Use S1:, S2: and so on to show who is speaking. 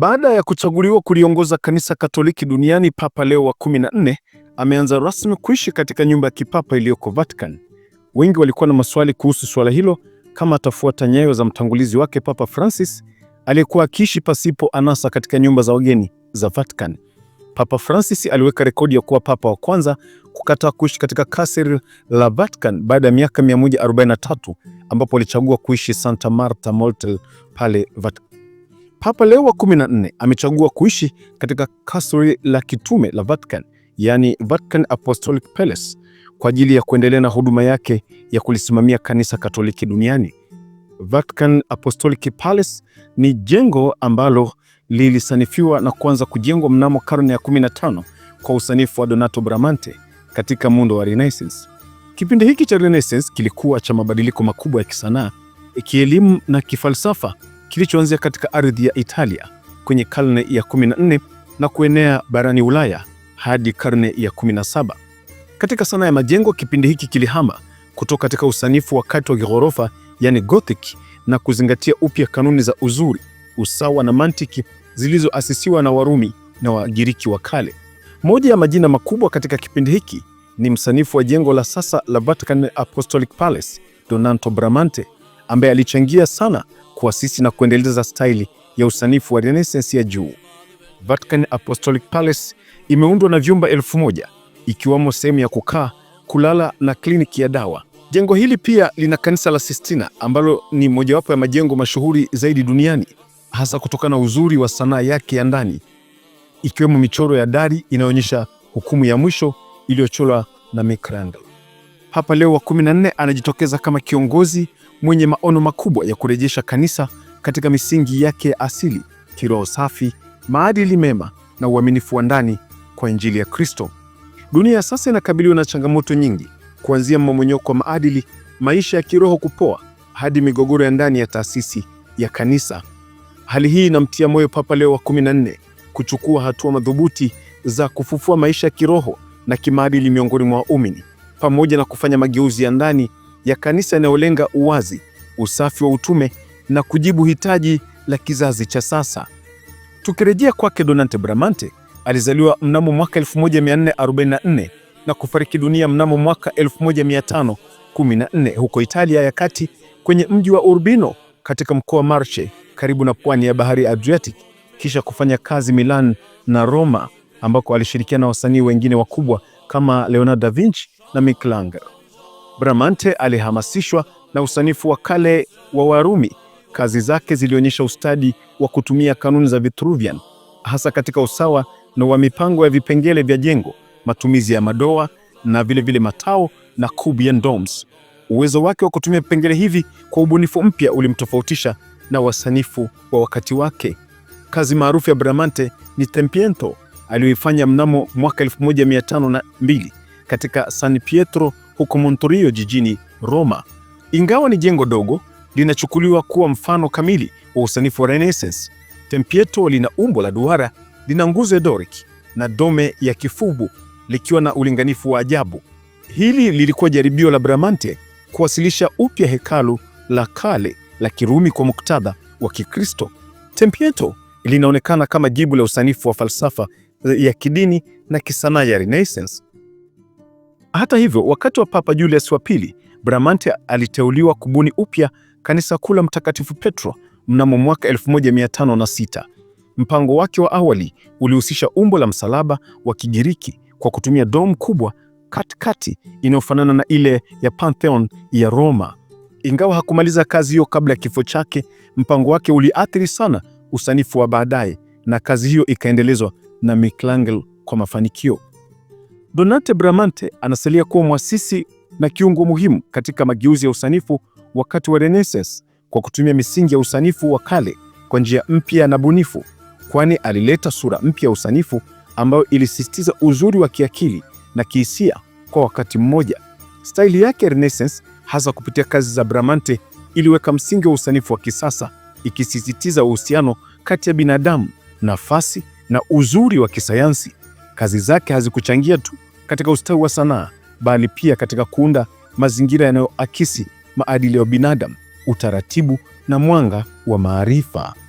S1: Baada ya kuchaguliwa kuliongoza kanisa Katoliki duniani, Papa Leo wa 14 ameanza rasmi kuishi katika nyumba ya kipapa iliyoko Vatican. Wengi walikuwa na maswali kuhusu suala hilo, kama atafuata nyayo za mtangulizi wake Papa Francis aliyekuwa akiishi pasipo anasa katika nyumba za wageni za Vatican. Papa Francis aliweka rekodi ya kuwa papa wa kwanza kukataa kuishi katika kasri la Vatican baada ya miaka 143 ambapo alichagua kuishi Santa Marta Motel pale Vatican. Papa Leo wa 14 amechagua kuishi katika kasri la kitume la Vatican, yani Vatican Apostolic Palace, kwa ajili ya kuendelea na huduma yake ya kulisimamia kanisa Katoliki duniani. Vatican Apostolic Palace ni jengo ambalo lilisanifiwa na kuanza kujengwa mnamo karne ya 15 kwa usanifu wa Donato Bramante katika muundo wa Renaissance. Kipindi hiki cha Renaissance kilikuwa cha mabadiliko makubwa ya kisanaa, kielimu na kifalsafa kilichoanzia katika ardhi ya Italia kwenye karne ya 14 na kuenea barani Ulaya hadi karne ya 17. Katika sanaa ya majengo, kipindi hiki kilihama kutoka katika usanifu wa kati wa kighorofa yani Gothic na kuzingatia upya kanuni za uzuri, usawa na mantiki zilizoasisiwa na Warumi na Wagiriki wa kale. Moja ya majina makubwa katika kipindi hiki ni msanifu wa jengo la sasa la Vatican Apostolic Palace, Donato Bramante, ambaye alichangia sana kuasisi na kuendeleza staili ya usanifu wa Renaissance ya juu. Vatican Apostolic Palace imeundwa na vyumba elfu moja ikiwamo sehemu ya kukaa, kulala na kliniki ya dawa. Jengo hili pia lina kanisa la Sistina ambalo ni mojawapo ya majengo mashuhuri zaidi duniani, hasa kutokana na uzuri wa sanaa yake ya ndani, ikiwemo michoro ya dari inayoonyesha hukumu ya mwisho iliyochorwa na Michelangelo hapa Leo wa 14 anajitokeza kama kiongozi mwenye maono makubwa ya kurejesha kanisa katika misingi yake ya asili: kiroho safi, maadili mema na uaminifu wa ndani kwa Injili ya Kristo. Dunia ya sasa inakabiliwa na changamoto nyingi, kuanzia mmomonyoko wa maadili, maisha ya kiroho kupoa, hadi migogoro ya ndani ya taasisi ya kanisa. Hali hii inamtia moyo Papa Leo wa 14 kuchukua hatua madhubuti za kufufua maisha ya kiroho na kimaadili miongoni mwa waumini pamoja na kufanya mageuzi ya ndani ya kanisa yanayolenga uwazi, usafi wa utume na kujibu hitaji la kizazi cha sasa. Tukirejea kwake, Donate Bramante alizaliwa mnamo mwaka 1444 na kufariki dunia mnamo mwaka 1514 huko Italia ya kati kwenye mji wa Urbino katika mkoa wa Marche karibu na pwani ya bahari ya Adriatic, kisha kufanya kazi Milan na Roma ambako alishirikiana na wasanii wengine wakubwa kama Leonardo da Vinci na Michelangelo. Bramante alihamasishwa na usanifu wa kale wa Warumi. Kazi zake zilionyesha ustadi wa kutumia kanuni za Vitruvian, hasa katika usawa na wa mipango ya vipengele vya jengo, matumizi ya madoa na vile vile matao na Cubian domes. Uwezo wake wa kutumia vipengele hivi kwa ubunifu mpya ulimtofautisha na wasanifu wa wakati wake. Kazi maarufu ya Bramante ni Tempietto aliyoifanya mnamo mwaka 1502 katika San Pietro huko Montorio jijini Roma. Ingawa ni jengo dogo, linachukuliwa kuwa mfano kamili wa usanifu wa Renaissance. Tempietro lina umbo la duara, lina nguzo ya Doric na dome ya kifubu likiwa na ulinganifu wa ajabu. Hili lilikuwa jaribio la Bramante kuwasilisha upya hekalu la kale la Kirumi kwa muktadha wa Kikristo. Tempietro linaonekana kama jibu la usanifu wa falsafa ya kidini na kisanaa ya Renaissance. Hata hivyo, wakati wa Papa Julius wa Pili, Bramante aliteuliwa kubuni upya kanisa kuu la Mtakatifu Petro mnamo mwaka 1506. Mpango wake wa awali ulihusisha umbo la msalaba wa Kigiriki kwa kutumia dome kubwa katikati inayofanana na ile ya Pantheon ya Roma. Ingawa hakumaliza kazi hiyo kabla ya kifo chake, mpango wake uliathiri sana usanifu wa baadaye na kazi hiyo ikaendelezwa na Michelangelo kwa mafanikio. Donate Bramante anasalia kuwa mwasisi na kiungo muhimu katika mageuzi ya usanifu wakati wa Renaissance kwa kutumia misingi ya usanifu wa kale kwa njia mpya na bunifu, kwani alileta sura mpya ya usanifu ambayo ilisisitiza uzuri wa kiakili na kihisia kwa wakati mmoja. Staili yake ya Renaissance, hasa kupitia kazi za Bramante, iliweka msingi wa usanifu wa kisasa, ikisisitiza uhusiano kati ya binadamu nafasi na uzuri wa kisayansi. Kazi zake hazikuchangia tu katika ustawi wa sanaa, bali pia katika kuunda mazingira yanayoakisi maadili ya binadamu, utaratibu na mwanga wa maarifa.